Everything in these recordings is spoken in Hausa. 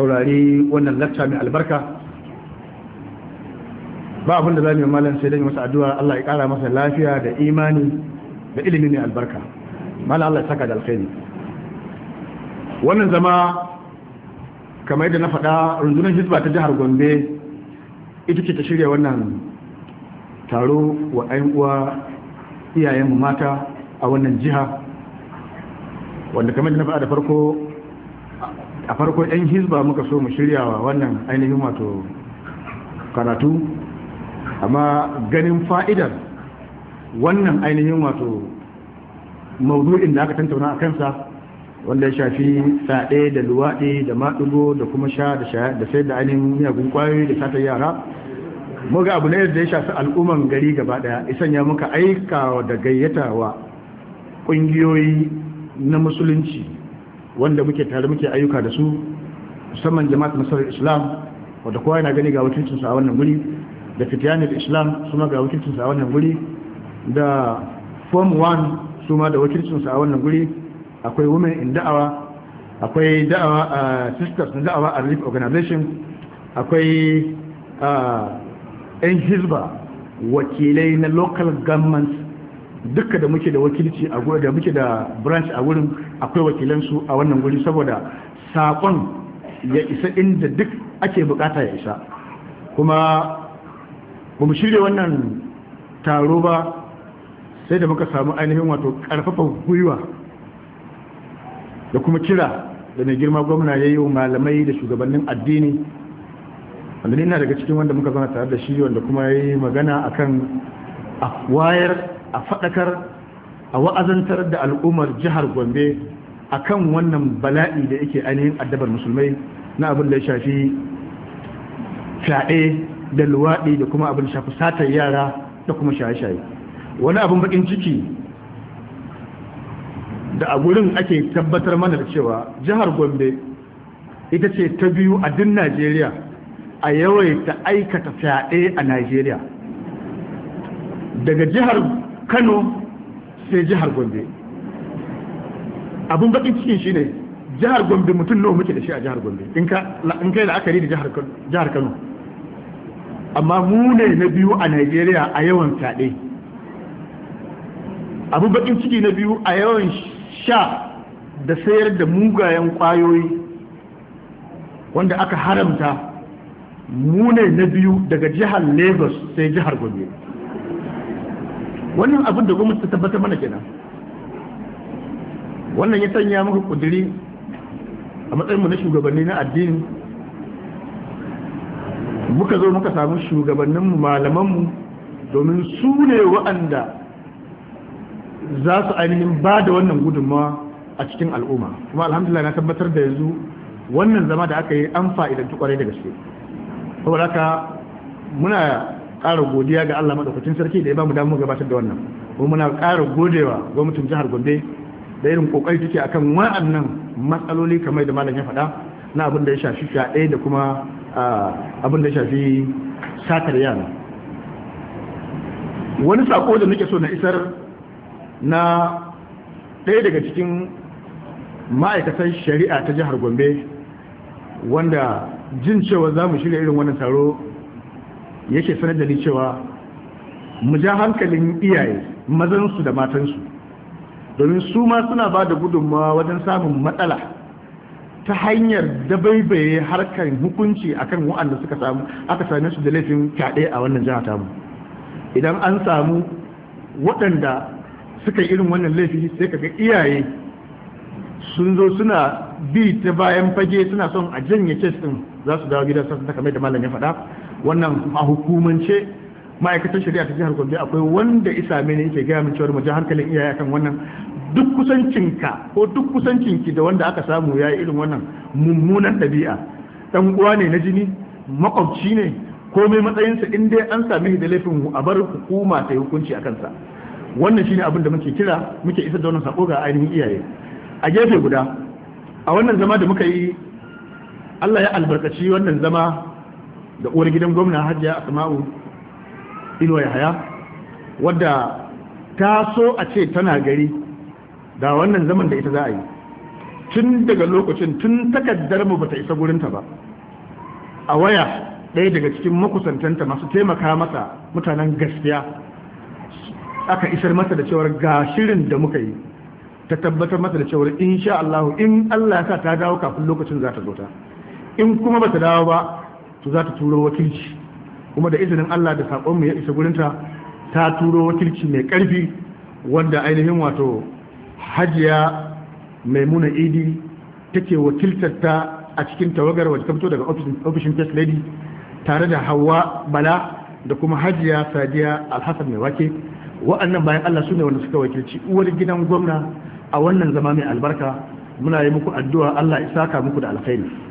saurari wannan lacca mai albarka ba abin da za mu yi malam sai dai masa addu'a Allah ya kara masa lafiya da imani da ilimi mai albarka malam Allah ya saka da alkhairi wannan zama kamar yadda na faɗa rundunar hizba ta jihar Gombe ita ce ta shirya wannan taro wa 'yan uwa iyayen mata a wannan jiha wanda kamar yadda na faɗa da farko a farko yan Hisba muka so mu shiryawa wannan ainihin wato karatu amma ganin fa'idar wannan ainihin wato maudu'in da aka tantauna a kansa wanda ya shafi saɗe da luwaɗe da maɗugo da kuma sha da sai da ainihin miyagun ƙwayoyi da satar yara muga abu ne da ya shafi al'umman gari gaba ɗaya isan ya muka aika da gayyata wa ƙungiyoyi na musulunci wanda muke tare muke ayyuka da su musamman jama'at masarar islam wadda kowa yana gani ga wakilcinsu a wannan guri da fitiyanin islam su ma ga wakilcinsu a wannan guri da form 1 su ma da wakilcinsu a wannan guri akwai women in da'awa akwai da'awa a uh, sisters na da'awa a relief organization akwai yan uh, hizba wakilai na local government duka da muke da wakilci a da muke da branch a gurin akwai wakilansu a wannan guri saboda saƙon ya isa inda duk ake bukata ya isa kuma ba mu shirya wannan taro ba sai da muka samu ainihin wato ƙarfafa gwiwa da kuma kira da mai girma gwamna ya yi malamai da shugabannin addini wanda ni daga cikin wanda muka zana tare da shi wanda kuma ya yi magana akan a wayar a faɗakar a wa'azantar da al'ummar jihar gombe akan wannan bala'i da yake ainihin addabar musulmai na abin da ya shafi fyaɗe da luwaɗi da kuma abin shafi satar yara da kuma shaye-shaye wani abin bakin ciki da a gurin ake tabbatar mana da cewa jihar gombe ita ce ta biyu a duk najeriya a yawaita aikata fyaɗe a najeriya daga jihar kano sai jihar gombe abun bakin cikin shine jihar gombe mutum nawa muke da shi a jihar gombe in kai da la'akari da jihar kano amma mu ne na biyu a nigeria a yawan fyaɗe abun bakin ciki na biyu a yawan sha da sayar da mugayen kwayoyi wanda aka haramta mu ne na biyu daga jihar lagos sai jihar gombe wannan abin da gwamnati ta tabbatar mana kenan wannan ya sanya maka kudiri a matsayinmu na shugabanni na addini muka zo muka samu shugabanninmu malamanmu domin su ne wa'anda za su ainihin ba da wannan gudunmawa a cikin al'umma kuma alhamdulillah na tabbatar da yanzu wannan zama da aka yi an fa'idantu kwarai da gaske saboda haka muna ƙara godiya ga Allah maɗaukacin sarki da ya ba mu damu gabatar da wannan kuma muna ƙara godewa gwamnatin jihar Gombe da irin ƙoƙari take akan wa'annan matsaloli kamar da malam ya faɗa na abin da ya shafi fyaɗe da kuma abin da ya shafi satar yana wani saƙo da nake so na isar na ɗaya daga cikin ma'aikatan shari'a ta jihar Gombe wanda jin cewa za mu shirya irin wannan taro yake sanar da ni cewa mu ja hankalin iyaye mazansu da matansu domin su ma suna ba da gudunmawa wajen samun matsala ta hanyar dabaibaye harkar hukunci akan wa'anda suka samu aka same su da laifin fyaɗe a wannan jihar tamu idan an samu waɗanda suka irin wannan laifi sai ka ga iyaye sun zo suna bi ta bayan fage suna son a janye kes din za su dawo gida sun ta kamar da malam ya faɗa wannan a hukumance ma'aikatar shari'a ta jihar gombe akwai wanda isa mene yake gaya min cewar maji hankalin iyaye kan wannan duk kusancinka ko duk kusancinki da wanda aka samu ya yi irin wannan mummunan ɗabi'a ɗan uwa ne na jini makwabci ne komai matsayinsa in dai an sami da laifin a bar hukuma ta hukunci a kansa wannan shine abin da muke kira muke isa da wannan sako ga ainihin iyaye a gefe guda a wannan zama da muka yi Allah ya albarkaci wannan zama da uwar gidan gwamna hajiya asma'u ya yahaya wadda ta so a ce tana gari da wannan zaman da ita za a yi tun daga lokacin tun takaddar mu bata isa gurinta ba a waya ɗaya daga cikin makusantanta masu taimaka mata mutanen gaskiya aka isar mata da cewar ga shirin da muka yi ta tabbatar mata da cewar insha Allah in Allah ya sa ta dawo kafin lokacin za ta zo ta in kuma bata dawo ba to za ta turo wakilci kuma da izinin Allah da saƙonmu ya isa gurinta ta turo wakilci mai ƙarfi wanda ainihin wato hajiya maimuna idi take wakiltar ta a cikin tawagar wadda ta fito daga ofishin first lady tare da hawa bala da kuma hajiya sadiya alhassan mai wake wa'annan bayan allah su ne wanda suka wakilci uwar gidan gwamna a wannan zama mai albarka muna yi muku addu'a allah saka muku da alkhairi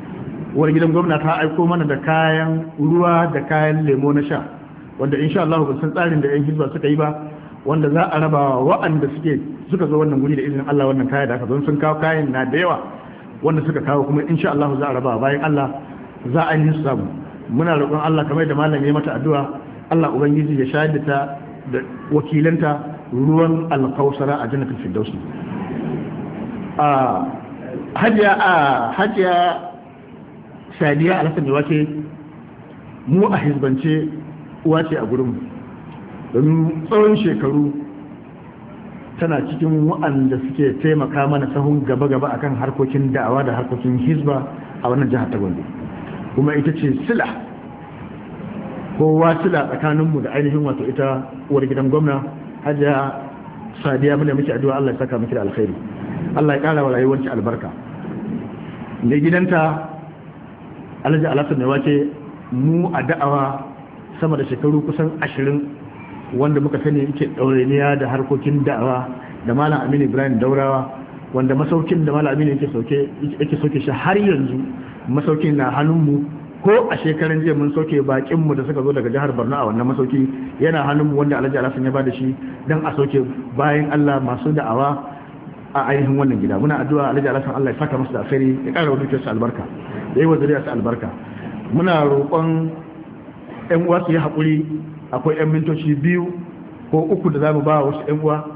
Wani gidan gwamna ta aiko mana da kayan ruwa da kayan lemo na sha wanda insha Allah ba san tsarin da yan hizba suka yi ba wanda za a raba wa'anda suke suka zo wannan guri da izinin Allah wannan kaya da aka zo sun kawo kayan na da yawa wanda suka kawo kuma insha Allah za a raba bayan Allah za a yi samu muna roƙon Allah kamar da malam ya mata addu'a Allah ubangiji ya shayar da ta wakilanta ruwan al-kausara a jannatul firdausi a ah, hajiya a ah, hajiya sadiya alhassan da wace mu a hizbance wace a gurinmu domin tsawon shekaru tana cikin wa'anda suke taimaka mana sahun gaba-gaba a kan harkokin da'awa da harkokin hizba a wannan jihar ta gombe kuma ita ce sila kowa sila tsakaninmu da ainihin wato ita uwar gidan gwamna hajiya sadiya muna muke addu'a Allah ya saka miki da alkhairi Allah ya kara wa rayuwarki albarka ne gidanta alhaji alasan ne wace mu a da'awa sama da shekaru kusan ashirin wanda muka sani yake ɗauraniya da harkokin da'awa da malam aminu ibrahim daurawa wanda masaukin da malam aminu yake sauke shi har yanzu masaukin na hannunmu ko a shekaran jiya mun sauke bakinmu da suka zo daga jihar borno a wannan masauki yana hannunmu wanda alhaji alasan ya ba da shi don a sauke bayan allah masu da'awa a ainihin wannan gida muna addu'a alhaji alasan Allah ya fata masu da asiri ya ƙara wadda su albarka ya yi wa zuriya su albarka muna roƙon ƴan uwa su yi haƙuri akwai ƴan mintoci biyu ko uku da za mu ba wasu ƴan uwa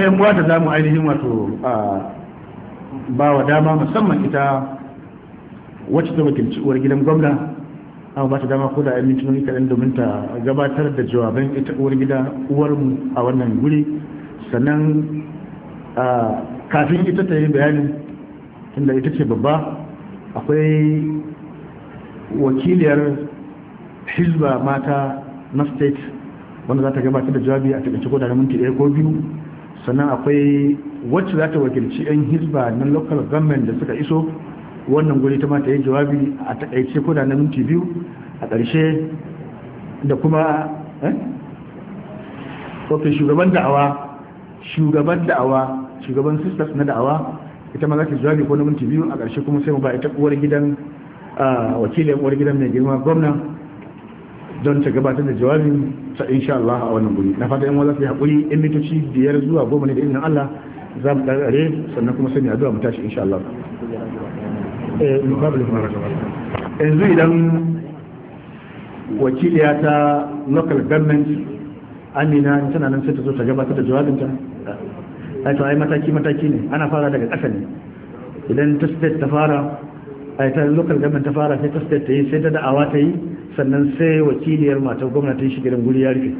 akwai yan uwa da zamu ainihin wato ba wa dama musamman ita wacce ta wakilci uwar gidan gwamna amma ba ta dama ko da ainihin tunani kaɗan domin ta gabatar da jawaban ita uwar gida uwar mu a wannan guri sannan kafin ita ta yi bayanin tunda ita ce babba akwai wakiliyar hizba mata na state wanda za ta gabatar da jawabi a takaice ko da minti ɗaya ko biyu sannan akwai wacce za ta wakilci 'yan hizba na local government da suka iso wannan guri ta mata yi jawabi a takaice ko da na minti biyu a ƙarshe da kuma eh? ok shugaban da'awa shugaban da'awa shugaban sisters na da'awa ita ma za ta jawabi ko na minti biyu a ƙarshe kuma sai mu ba ita uwar gidan ah, wakilin uwar gidan mai girma gwamna don ta gabatar da jawabin ta insha Allah a wannan guri na fata yan wala fi haƙuri in mitoci biyar zuwa goma ne da izinin Allah za mu dare sannan kuma sani addu'a mu tashi insha Allah eh, yanzu idan wakiliya ta local government amina tana nan sai ta zo ta gabatar da jawabinta a to ai mataki mataki ne ana fara daga ƙasa ne idan ta state ta fara ai ta local government ta fara sai ta state ta yi sai ta da'awa ta yi sannan sai wakiliyar matar gwamnatin shi gidan guri ya rufe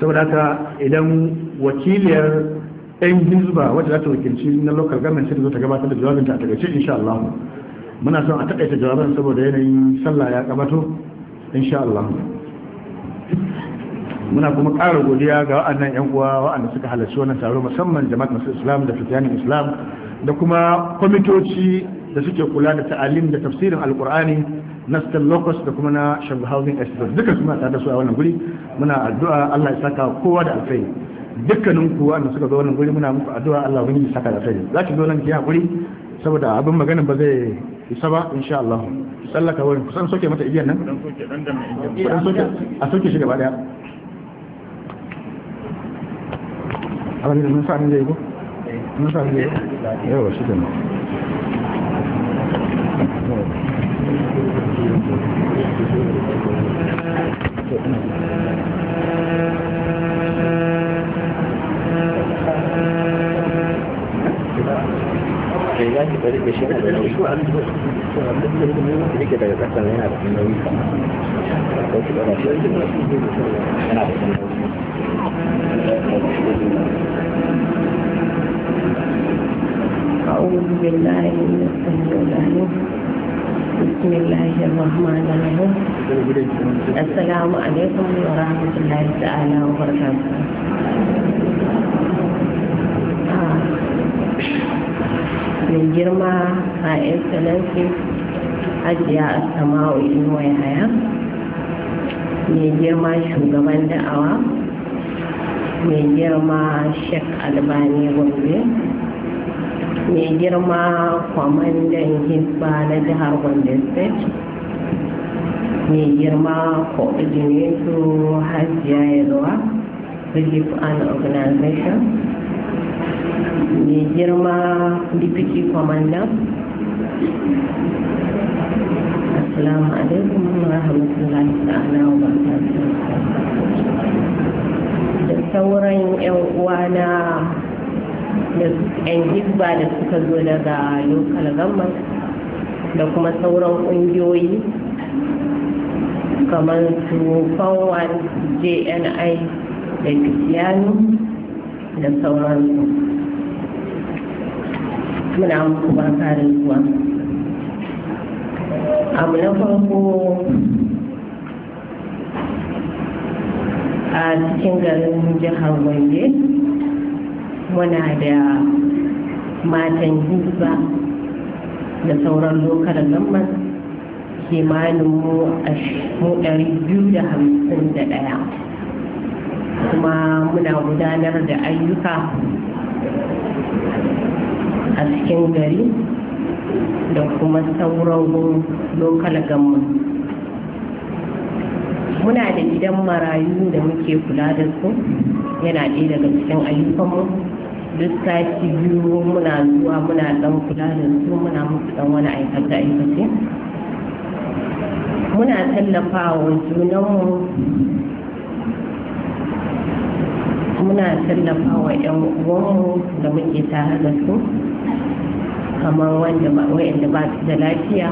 saboda haka idan wakiliyar yan hizba wata za ta wakilci na local government sai ta zo ta gabatar da jawabinta a takaice insha Allah muna son a takaita jawabin saboda yanayin sallah ya gabato insha Allah muna kuma ƙara godiya ga wa'annan yan uwa wa'anda suka halarci wannan taro musamman jama'at masu islam da fitiyanin islam da kuma kwamitoci da suke kula da ta'alim da tafsirin alkur'ani na stan locus da kuma na shabu housing estate duka suna tare da su a wannan guri muna addu'a Allah ya saka kowa da alfai dukkanin ku da suka zo wannan guri muna muku addu'a Allah ya saka da alfai za ki zo nan ki hakuri saboda abin maganin ba zai isa ba insha Allah sallaka wurin kusan soke mata igiyar nan kudan soke a soke shi gaba daya abin da mun sa ne zai go mun sa ne eh. yau shi kenan أعوذ بالله من السميع العليم بسم الله الرحمن الرحيم السلام عليكم ورحمة الله تعالى وبركاته mai girma a excellency hajiya asamawa inuwa yahaya mai girma shugaban da'awa mai girma shek albani gombe mai girma kwamandan hisba na jihar Gombe state mai girma coordinator hajiya yalwa relief and organization mai girma deputy commander assalamu alaikum wa rahmatullahi ta'ala wa barakatuh da sauran 'yan uwa na yan hizba da suka zo daga local government da kuma sauran ƙungiyoyi kamar su fawon jni da cristiano da sauran muna muku barka da zuwa abu na farko a cikin garin jihar wange muna da matan hizba da sauran lokacin zaman kimanin mu ɗaya, kuma muna gudanar da ayyuka a cikin gari da kuma sauran lokal gamman muna da gidan marayu da muke kula da su yana ɗaya daga cikin ayyukanmu duk sati biyu muna zuwa muna dan kula da su muna musu dan wani aikata aikace muna tallafawa junanmu muna tallafawa yan uwanmu da muke tare da su kamar wanda ba su da lafiya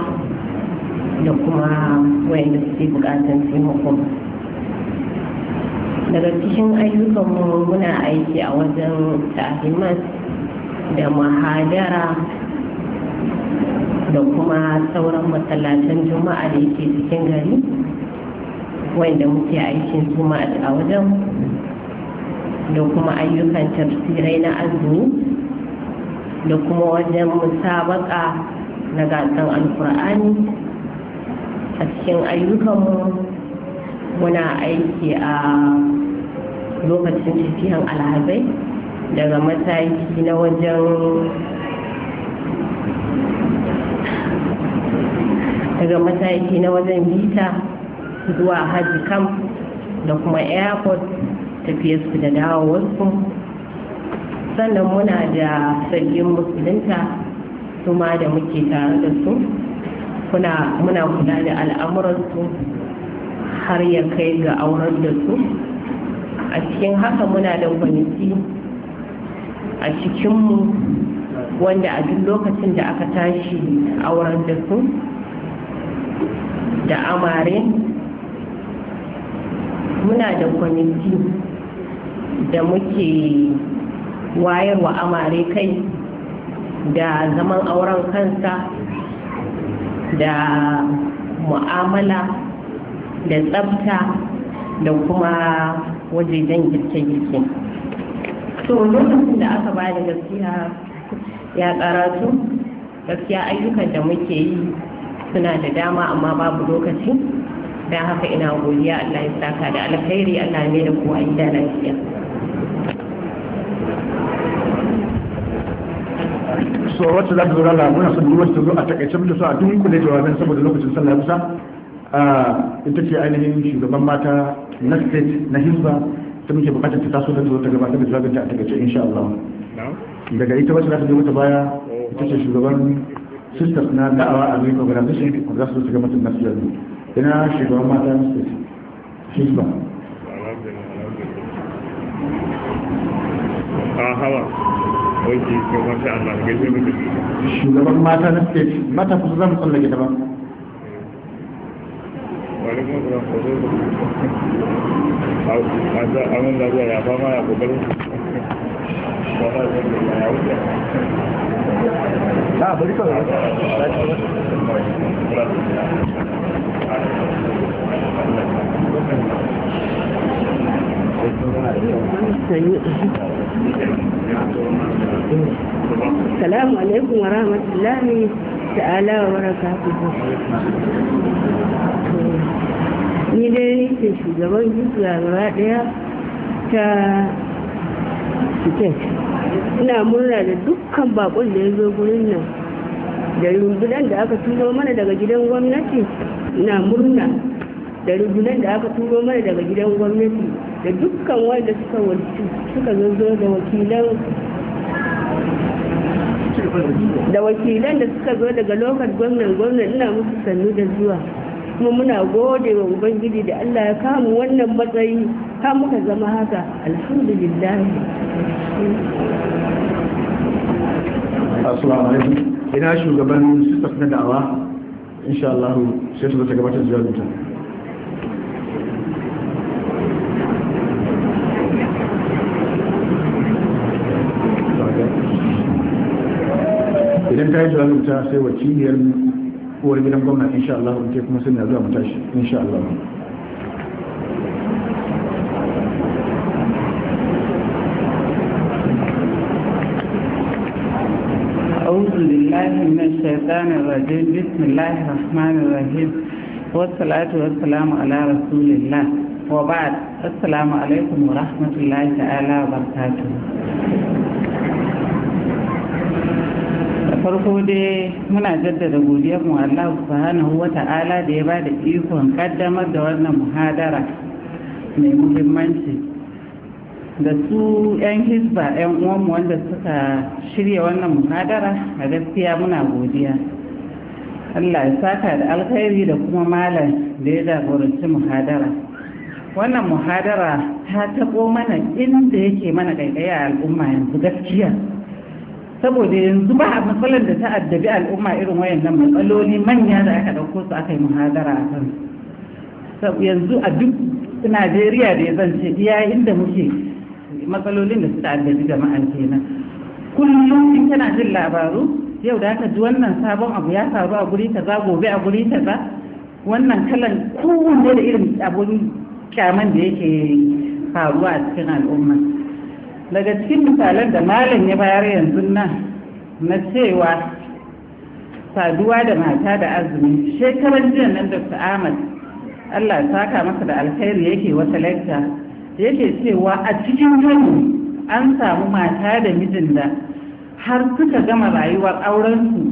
da kuma su suke bukatan taimako daga cikin ayyukanmu muna aiki a wajen tahimat da mahadara da kuma sauran masallacin juma'a da yake cikin gari wanda muke aikin juma'a a wajen da kuma ayyukan tafsirai na azumi da kuma wajen musabaka na gasan alkur'ani a cikin ayyukanmu muna aiki a lokacin tafiyan alhazai daga mataki na wajen daga mataki na wajen bita zuwa hajji camp da kuma airport su da dawowarsu sannan muna da sabbin musulunta su ma da muke tare da su muna kula da al'amuransu har ya kai ga auren da su a cikin haka muna da kwamiti a cikinmu wanda a duk lokacin da aka tashi auren da su da amare muna da kwamiti da muke wayarwa amare kai da zaman auren kansa da mu'amala da tsafta da kuma wajejen girke-girke to lokacin da aka ba da gaskiya ya karatu gaskiya ayyukan da muke yi suna da dama amma babu lokaci don haka ina godiya allah ya saka da alkhairi allah ne da yi da lafiya so wacce za ta zo rana muna son duk wacce ta zo a takaice mutu su a dunkule jawabin saboda lokacin sallah kusa ita ce ainihin shugaban mata na state na hisba ta muke bukatar ta taso da zuwa ta gabatar da jawabinta a takaice insha Allah daga ita wacce za ta zo ta baya ita ce shugaban sisters na da'awa a zai organization za su ta gabatar da siyar ina shugaban mata na state hisba ah, shugaban mata na state mata kusa zan tsallake ta ba alaikun salam a ya Salamu alaikum wa rahmatullahi ta'ala wa barakatuhu. ni dai nake shugaban hizba gaba daya ta state ina murna da dukkan bakon da ya zo gurin nan da rundunan da aka turo mana daga gidan gwamnati ina murna da rundunan da aka turo mana daga gidan gwamnati da dukkan wanda suka walci suka zo da wakilan da wakilan da suka zo daga lokacin gwamnan gwamnan ina musu sannu da zuwa kuma muna gode wa ubangiji da Allah ya kamu wannan matsayi ka muka zama haka alhamdulillah assalamu alaikum ina shugaban staff na da'awa insha Allah sai su ta gabatar zuwa mutane idan ta yi zuwa sai wakiliyar uwar gidan gwamna insha Allah ke kuma suna zuwa mutashi insha Allah أعوذ بالله من الشيطان الرجيم بسم الله الرحمن الرحيم والصلاة والسلام على رسول الله وبعد السلام عليكم ورحمة الله تعالى وبركاته farko dai muna jaddada godiyar mu Allah subhanahu wa ta'ala da ya bada ikon kaddamar da wannan muhadara mai muhimmanci da su 'yan hisba 'yan uwanmu wanda suka shirya wannan muhadara a gaskiya muna godiya Allah ya saka da alkhairi da kuma malam da ya jagoranci muhadara wannan muhadara ta taɓo mana inda yake mana ƙaiƙayi a al'umma yanzu gaskiya saboda yanzu ba a matsalar da ta addabi al'umma irin wayannan matsaloli manya da aka ɗauko su aka yi muhadara a kan yanzu a duk najeriya da ya zance iya inda muke matsalolin da suka addabi jama'a kenan kullum in kana jin labaru yau da aka ji wannan sabon abu ya faru a guri kaza gobe a guri kaza wannan kalan kowanne da irin abun kyaman da yake faruwa a cikin al'umma daga cikin misalan da malam ya bayar yanzu nan na cewa saduwa da mata da azumi shekaran jiya nan dr ahmad allah saka masa da alkhairi yake wata lecta yake cewa a cikin yau an samu mata da mijin da har suka gama rayuwar aurensu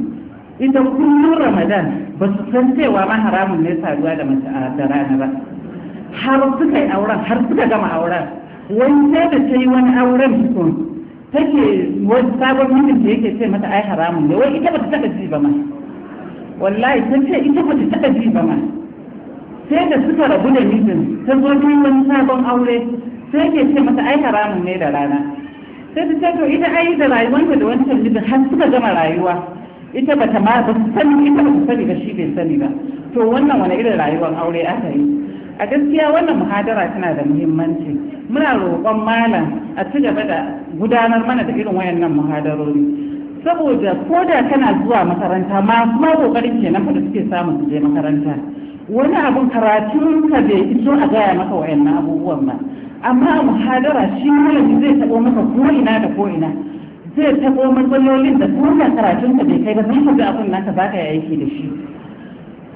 ita kullum ramadan ba su san cewa ma haramun ne saduwa da mata a da ba har suka yi auren har suka gama auren wani sai da ta yi wani auren ta take wani sabon mutum da yake ce mata ai haramun ne wai ita ba ta taɓa ji ba ma wallahi ta ce ita ba ta taɓa ji ba ma sai da suka rabu da mijin ta zo ta yi wani sabon aure sai ke ce mata ai haramun ne da rana sai ta ce to ita ai da rayuwar da wancan mijin har suka gama rayuwa ita ba ta ma ba su sani ita ba su sani ba shi bai sani ba to wannan wani irin rayuwar aure aka yi a gaskiya wannan muhadara tana da muhimmanci muna roƙon malam a ci gaba da gudanar mana da irin wayannan muhadarori saboda ko da kana zuwa makaranta ma kuma kokarin kenan fa da suke samu su je makaranta wani abun karatun ka bai iso a gaya maka wayannan abubuwan ba amma a muhadara shi malami zai taɓo maka ko ina da ko ina zai taɓo matsalolin da ko karatun ka bai kai ba zai ka ga abun naka ka yi aiki da shi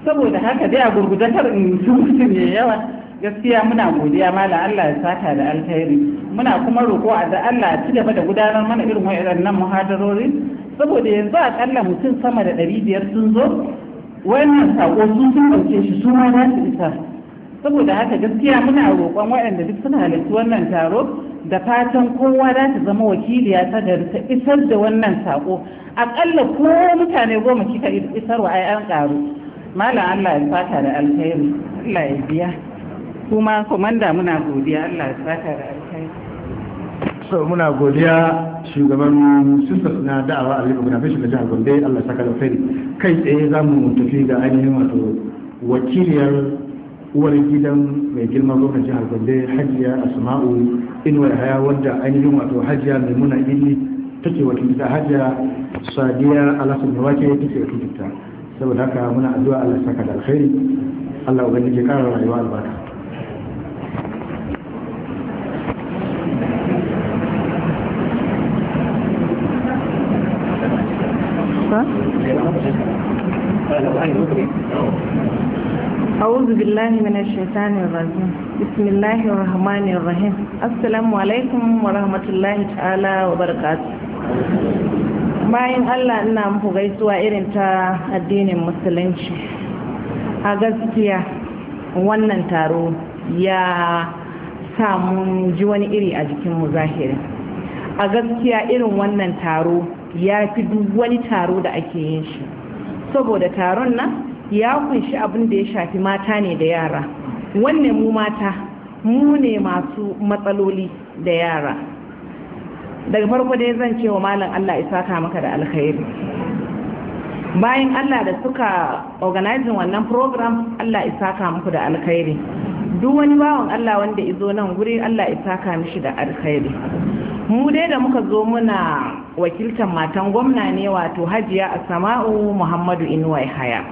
saboda haka dai a gurgudatar in mutum ya yawa gaskiya muna godiya da Allah ya saka da alkhairi muna kuma roƙo a da Allah ya ci gaba da gudanar mana irin waɗannan muhadarori saboda yanzu a ƙalla mutum sama da ɗari biyar sun zo wannan sako sun sun ɗauke shi su ma za su isa saboda haka gaskiya muna roƙon waɗanda duk suna halarci wannan taro da fatan kowa za ta zama wakiliya ta gari ta isar da wannan sako akalla ko mutane goma kika isarwa ai an karu malam Allah ya saka da alkhairi Allah ya biya kuma komanda muna godiya Allah ya saka da alkhairi so muna godiya shugaban sisters na da'awa a lagos fashin da jihar gombe Allah ya saka da alkhairi kai tsaye za mu tafi ga ainihin wato wakiliyar uwar gidan mai girma gwamnan jihar gombe hajiya asma'u inuwar haya wadda ainihin wato hajiya muna illi take wakilta hajiya sadiya alhassan da wake take wakilta saboda haka muna addu'a Allah saka da alkhairi Allah ubangiji ya kara rayuwa albarka أعوذ بالله من الشيطان الرجيم بسم الله الرحمن الرحيم السلام عليكم ورحمة الله تعالى وبركاته bayan Allah ina muku gaisuwa irin ta addinin musulunci a gaskiya wannan taro ya samu ji wani iri a jikin mu zahiri a gaskiya irin wannan taro ya fi duk wani taro da ake yin shi saboda taron nan ya kunshi abin da ya shafi mata ne da yara wannan mu mata mu ne masu matsaloli da yara daga farko dai zan ce wa malam Allah ya ka maka da alkhairi bayan Allah da suka organizing wannan program Allah ya ka muku da alkhairi duk wani bawan Allah wanda izo nan guri Allah ya saka mishi da alkhairi mu dai da muka zo muna wakiltar matan gwamna ne wato Hajiya a sama'u Muhammadu Inuwa Haya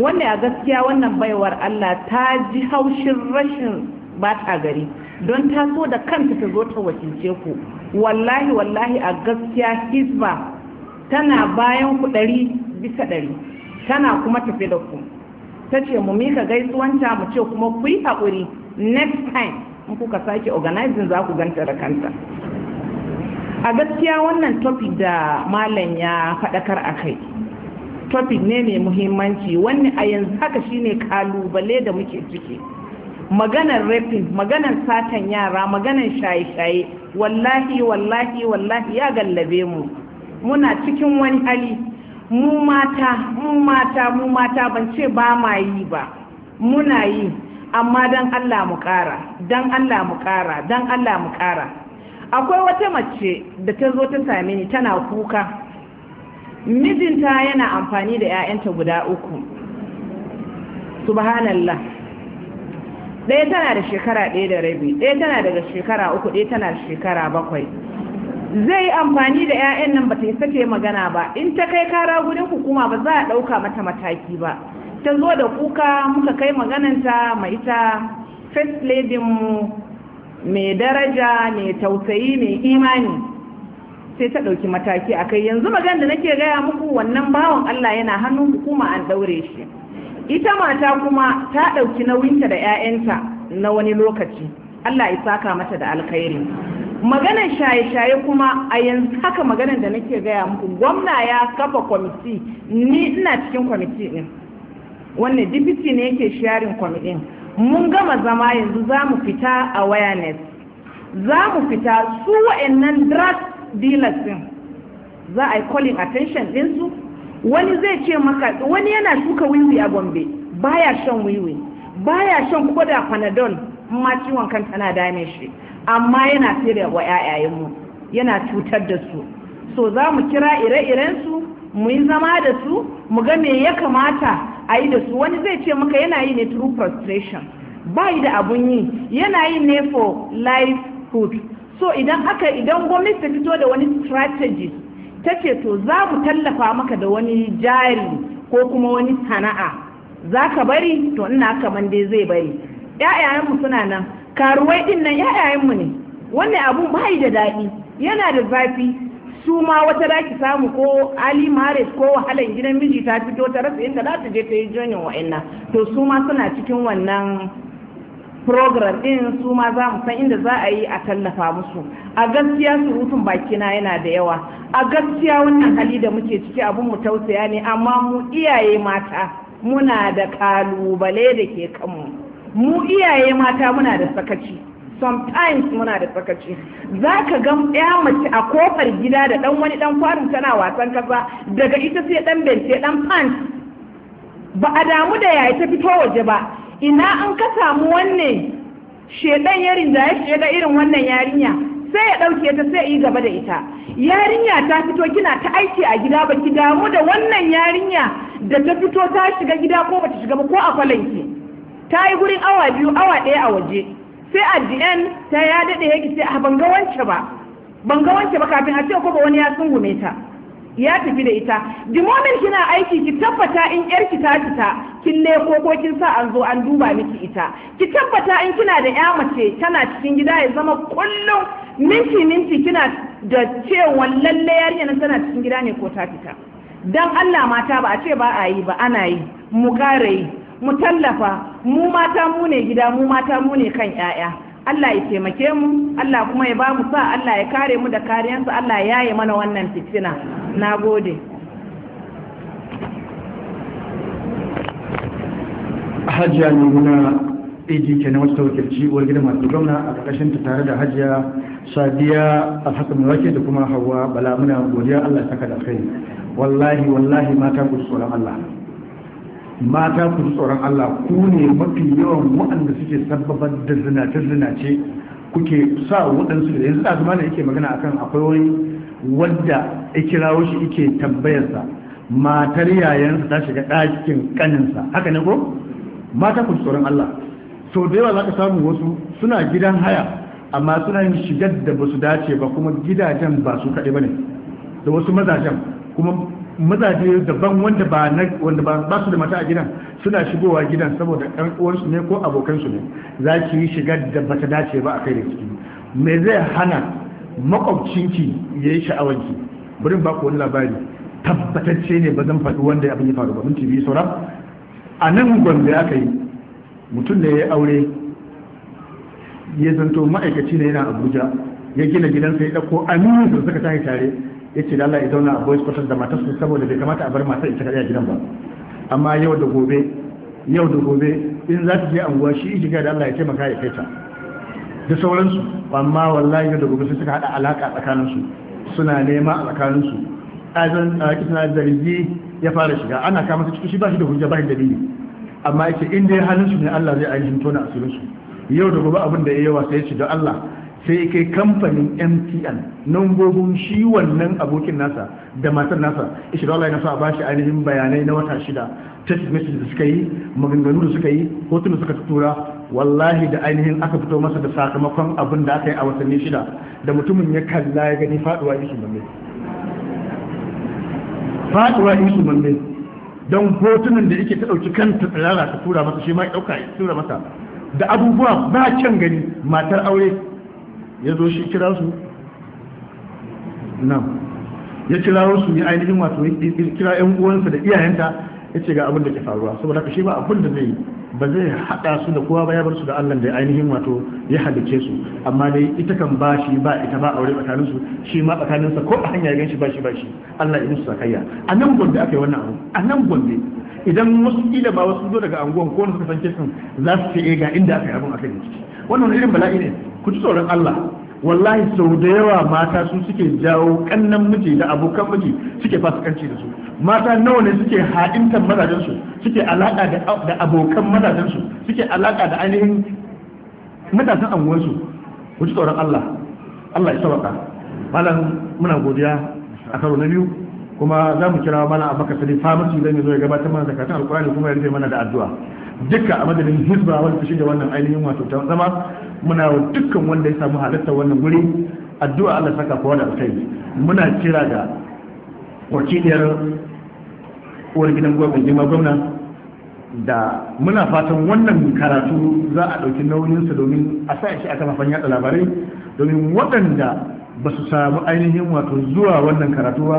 wanda a gaskiya wannan baiwar Allah ta ji haushin rashin ba ta gari don ta so da kanta ta zo ta wakilce ku wallahi wallahi a gaskiya hizba tana bayan ku ɗari bisa ɗari tana kuma tafi da ku ta ce mu mika gaisuwanta mu ce kuma ku yi haƙuri next time in kuka sake organizing za ku ganta da kanta a gaskiya wannan topic da malam ya faɗakar a kai topic ne mai muhimmanci wani a yanzu haka shine kalubale da muke ciki maganar rafin, maganar satan yara maganar shaye-shaye wallahi wallahi wallahi ya gallabe mu muna cikin wani hali mu mata mu mata mu mata ban ce ba ma yi ba muna yi amma dan Allah mu ƙara dan Allah mu ƙara dan Allah mu ƙara akwai wata mace da ta zo ta same ni tana kuka mijinta yana amfani da 'ya'yanta guda uku subhanallah ɗaya tana da shekara ɗaya da rabi ɗaya tana daga shekara uku ɗaya tana da shekara bakwai zai yi amfani da 'ya'yan nan ba ta yi sake magana ba in ta kai kara gudun hukuma ba za a ɗauka mata mataki ba ta zo da kuka muka kai magananta mai ita first lady mu mai daraja mai tausayi mai imani sai ta ɗauki mataki a kai yanzu magana da nake gaya muku wannan bawan allah yana hannun hukuma an ɗaure shi ita mata kuma ta ɗauki nauyinta da 'ya'yanta na wani lokaci Allah ya saka mata da alkhairi maganar shaye-shaye kuma a yanzu haka maganar da nake gaya muku gwamna ya kafa kwamiti ni ina cikin kwamiti ɗin wannan dipiti ne yake sharing kwamitin mun gama zama yanzu za mu fita awareness za mu fita su wa'annan drug dealers din za a yi calling attention ɗinsu wani zai ce maka wani yana shuka wiwi a gombe baya shan wiwi baya shan da panadol ma ciwon kan tana dame shi amma yana sayar wa ƴaƴayenmu yana cutar da su so za mu kira ire-iren su mu yi zama da su mu ga me ya kamata a yi da su wani zai ce maka yana yi ne through frustration ba yi da abun yi yana yi ne for livelihood so idan aka idan gwamnati ta fito da wani strategies. ta ce to za mu tallafa maka da wani jari ko kuma wani sana'a za ka bari to ina kaman dai zai bari ‘ya'yayenmu suna nan karuwai ɗin nan ‘ya'yayenmu ne wannan abun ba da daɗi yana da zafi su ma wata da ki samu ko ali maris ko wahalan gidan miji ta fito ta rasa inda za ta je ta yi jonin wa'annan to su ma suna cikin wannan program ɗin su ma za mu san inda za a yi a tallafa musu a gaskiya surutun bakina yana da yawa a gaskiya wannan hali da muke ciki abin mu tausaya ne amma mu iyaye mata muna da kalubale da ke kanmu mu iyaye mata muna da sakaci sometimes muna da sakaci za ka ga ya mace a kofar gida da ɗan wani ɗan kwarin tana wasan kasa daga ita sai ɗan bence ɗan pants ba a damu da yaya ta fito waje ba ina an ka samu wannan shedan ya da ga irin wannan yarinya sai ya ɗauke ta sai yi gaba da ita yarinya ta fito kina ta aiki a gida ba ki damu da wannan yarinya da ta fito ta shiga gida ko ba ta shiga ba ko a kwalanki ta yi gurin awa biyu awa ɗaya a waje sai a dn ta ya daɗe yake sai a ah, ban ga wance ba ban ga wance ba kafin a ce ko ba wani ya sungume ta ya tafi da ita the moment kina aiki ki tabbata in yar ki ta fita kin ko ko kin sa an zo an duba miki ita ki tabbata in kina da ya mace tana cikin gida ya zama kullum minti minti kina da cewa lalle yarinya tana cikin gida ne ko ta fita dan Allah mata ba a ce ba a yi ba ana yi mu kare yi mu tallafa mu mata mu ne gida mu mata mu ne kan 'ya'ya Allah ya taimake mu Allah kuma ya ba mu sa Allah ya kare mu da kariyansa Allah ya yaye mana wannan fitina na gode hajjiya ne muna iji ke na wasu wakilci uwar gidan masu gwamna a ƙarƙashin ta tare da Hajiya, sadiya alhassan wake da kuma hawa bala muna godiya allah saka da kai wallahi wallahi mata ku tsoron allah mata ku ji tsoron Allah ku ne mafi yawan waɗanda suke sababar da zinace-zinace kuke sa waɗansu da yanzu ɗazu mana yake magana akan akwai wani wadda ya kirawo shi yake tambayarsa matar yayansa ta shiga ɗakin ƙaninsa haka ne ko mata ku ji tsoron Allah so da yawa za ka samu wasu suna gidan haya amma suna yin shigar da ba su dace ba kuma gidajen ba su kaɗai ba ne da wasu mazajen kuma mazaje daban wanda ba wanda ba su da mata a gidan suna shigowa gidan saboda ɗan uwansu ne ko abokansu ne za ki yi shiga da bata dace ba a kai da ciki me zai hana makwabcinki ya yi sha'awanki bari ba ku wani labari tabbatacce ne ba zan faɗi wanda abin ya faru ba minti biyu saura a nan gwanda aka yi mutum da ya yi aure ya zanto ma'aikaci ne yana abuja ya gina gidansa ya ɗauko aminu su suka tashi tare ya ce da Allah ya zauna a boys quarters da matarsa saboda bai kamata a bar matar ita kadai a gidan ba amma yau da gobe yau da gobe in za ta je anguwa shi ga da Allah ya taimaka ya kai ta da sauransu amma wallahi yau da gobe sai suka hada alaka tsakaninsu suna nema a tsakaninsu azan kisan zargi ya fara shiga ana kama su ciki shi ba shi da hujja ba shi da dalili amma yake in dai halin su ne Allah zai ainihin tona asirin su yau da gobe abin da ya yawa sai ya ce da Allah sai kai kamfanin mtn gogon shi wannan abokin nasa da matar nasa ishirar Allah ya sa a bashi ainihin bayanai na wata shida text message da suka yi maganganu da suka yi da suka tura wallahi da ainihin aka fito masa da sakamakon abin da aka yi a watanni shida da mutumin ya kalla ya gani faduwa isu mamme faduwa isu mamme don hotunan da yake ta dauki kanta tsirara ta tura masa shi ma ya dauka ya tura masa da abubuwa ba can gani matar aure ya zo shi kira su nan ya kira su ne ainihin wato kira yan uwansa da iyayenta ya ce ga abin da ke faruwa saboda ka shi ba abin da zai yi ba zai hada su da kowa ba ya bar su da Allah da ainihin wato ya halice su amma dai ita kan ba shi ba ita ba aure tsakanin su shi ma tsakanin sa ko a hanya gan shi ba shi ba shi Allah ya musu sakayya a nan gombe aka yi wannan abu a nan gombe idan wasu kila ba wasu zo daga anguwan ko suka san kisan za su ce eh, ga inda aka yi abun aka yi wannan irin bala'i ne ku ji tsoron Allah wallahi sau da yawa mata su suke jawo kannan miji da abokan miji suke fasikanci da su mata nawa ne suke haɗintan mazajensu, suke alaƙa da abokan mazajensu, suke alaƙa da ainihin matasan anguwansu ku ji tsoron Allah Allah ya sabaka malam muna godiya a karo na biyu kuma za mu kira malam abaka sani famasi zai zo ya gabatar mana zakatun karatun kuma ya rufe mana da addu'a dukka a madadin hizba wani fushi da wannan ainihin wato ta zama muna wa dukkan wanda ya samu halitta wannan guri addu'a Allah saka kowa da kai muna kira ga wakiliyar uwar gidan gwamnati girma gwamna da muna fatan wannan karatu za a ɗauki nauyinsa domin a sa shi a kafafen yada labarai domin waɗanda ba su samu ainihin wato zuwa wannan karatu ba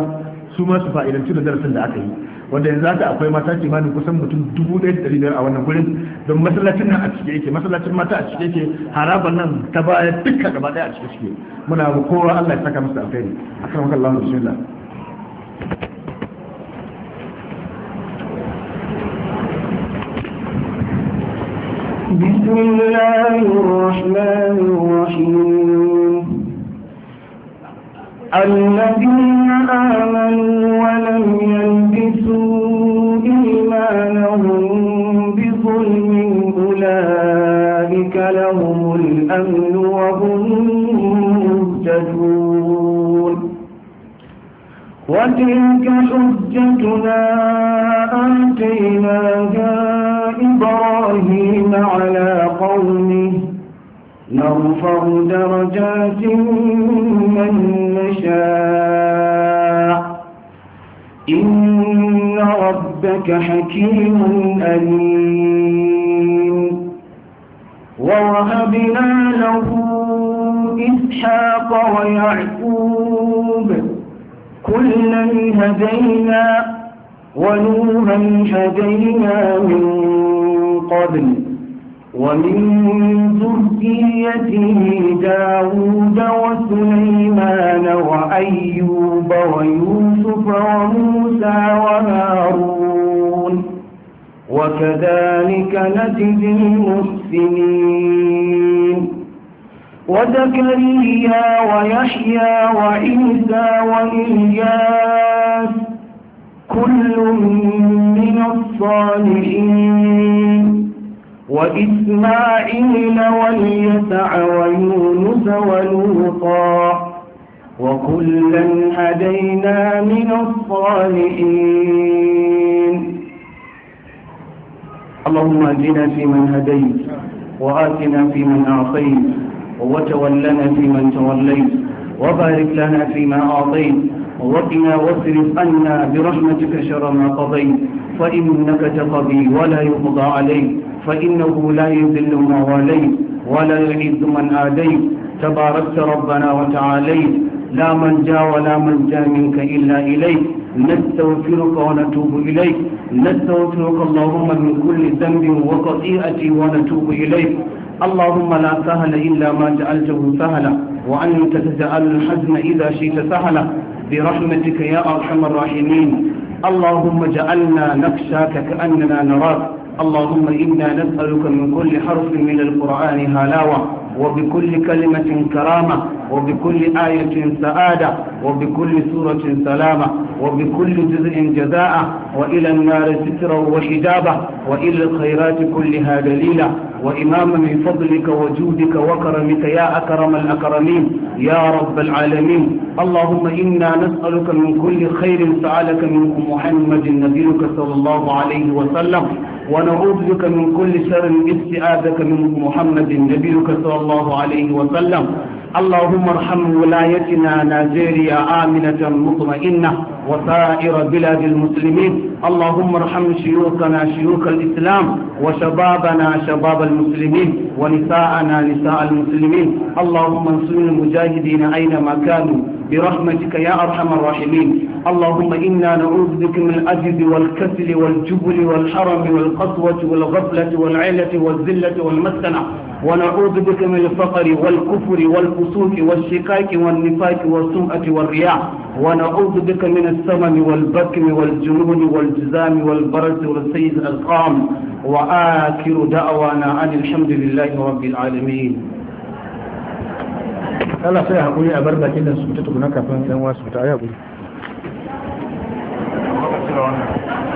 su ma su fa'idanci da darasin da aka yi wanda yanzu haka akwai mata kimanin kusan mutum dubu da a wannan gurin don masallacin nan a cike yake masallacin mata a cike yake haraba nan ta baya dukkan gaba ɗaya a cike cike muna ga kowa Allah ya saka masa alkhairi akan wakan lamu bismillah بسم الله الرحمن الرحيم الذين آمنوا ولم يلبسوا وتلك حجتنا آتيناها إبراهيم على قومه نرفع درجات من نشاء إن ربك حكيم أليم ووهبنا له إسحاق ويعقوب كلا هدينا ونوها هدينا من قبل ومن ذريته داود وسليمان وأيوب ويوسف وموسى وهارون وكذلك نجزي المحسنين وزكريا ويحيى وعيسى وإلياس كل من الصالحين وإسماعيل واليسع ويونس ولوطا وكلا هدينا من الصالحين اللهم اهدنا فيمن هديت وآتنا فيمن أعطيت وتولنا فيمن توليت وبارك لنا فيما أعطيت وقنا واصرف عنا برحمتك شر ما قضيت فإنك تقضي ولا يقضى عليك فإنه لا يذل ما واليت ولا يعز من آديت تباركت ربنا وتعاليت لا من جاء ولا من جاء منك إلا إليك نستغفرك ونتوب إليك نستغفرك اللهم من كل ذنب وقطيئة ونتوب إليك اللهم لا سهل إلا ما جعلته سهلا وأنت تجعل الحزن إذا شئت سهلا برحمتك يا أرحم الراحمين اللهم جعلنا نخشاك كأننا نراك اللهم إنا نسألك من كل حرف من القرآن هلاوة وبكل كلمة كرامة وبكل آية سعادة وبكل سورة سلامة وبكل جزء جزاء وإلى النار سترا وحجابة وإلى الخيرات كلها دليلة وإماما من فضلك وجودك وكرمك يا أكرم الأكرمين يا رب العالمين اللهم إنا نسألك من كل خير سألك منه محمد نبيك صلى الله عليه وسلم ونعوذ بك من كل شر استعاذك منه محمد نبيك صلى الله عليه وسلم اللهم ارحم ولايتنا نيجيريا آمنة مطمئنة وسائر بلاد المسلمين اللهم ارحم شيوخنا شيوخ الإسلام وشبابنا شباب المسلمين ونساءنا نساء المسلمين اللهم انصر المجاهدين أينما كانوا برحمتك يا أرحم الراحمين اللهم إنا نعوذ بك من الأجد والكسل والجبل والحرم والقسوة والغفلة والعلة والذلة والمسكنة ونعوذ بك من الفقر والكفر والفسوق والشكاك والنفاق والسمعة والرياء ونعوذ بك من السمم والبكم والجنون والجزام والبرز والسيد القام وآخر دعوانا عن الحمد لله رب العالمين Allah sai hakuri a bar bakin kidan su ta tukuna kafin dan wasu ta ayi hakuri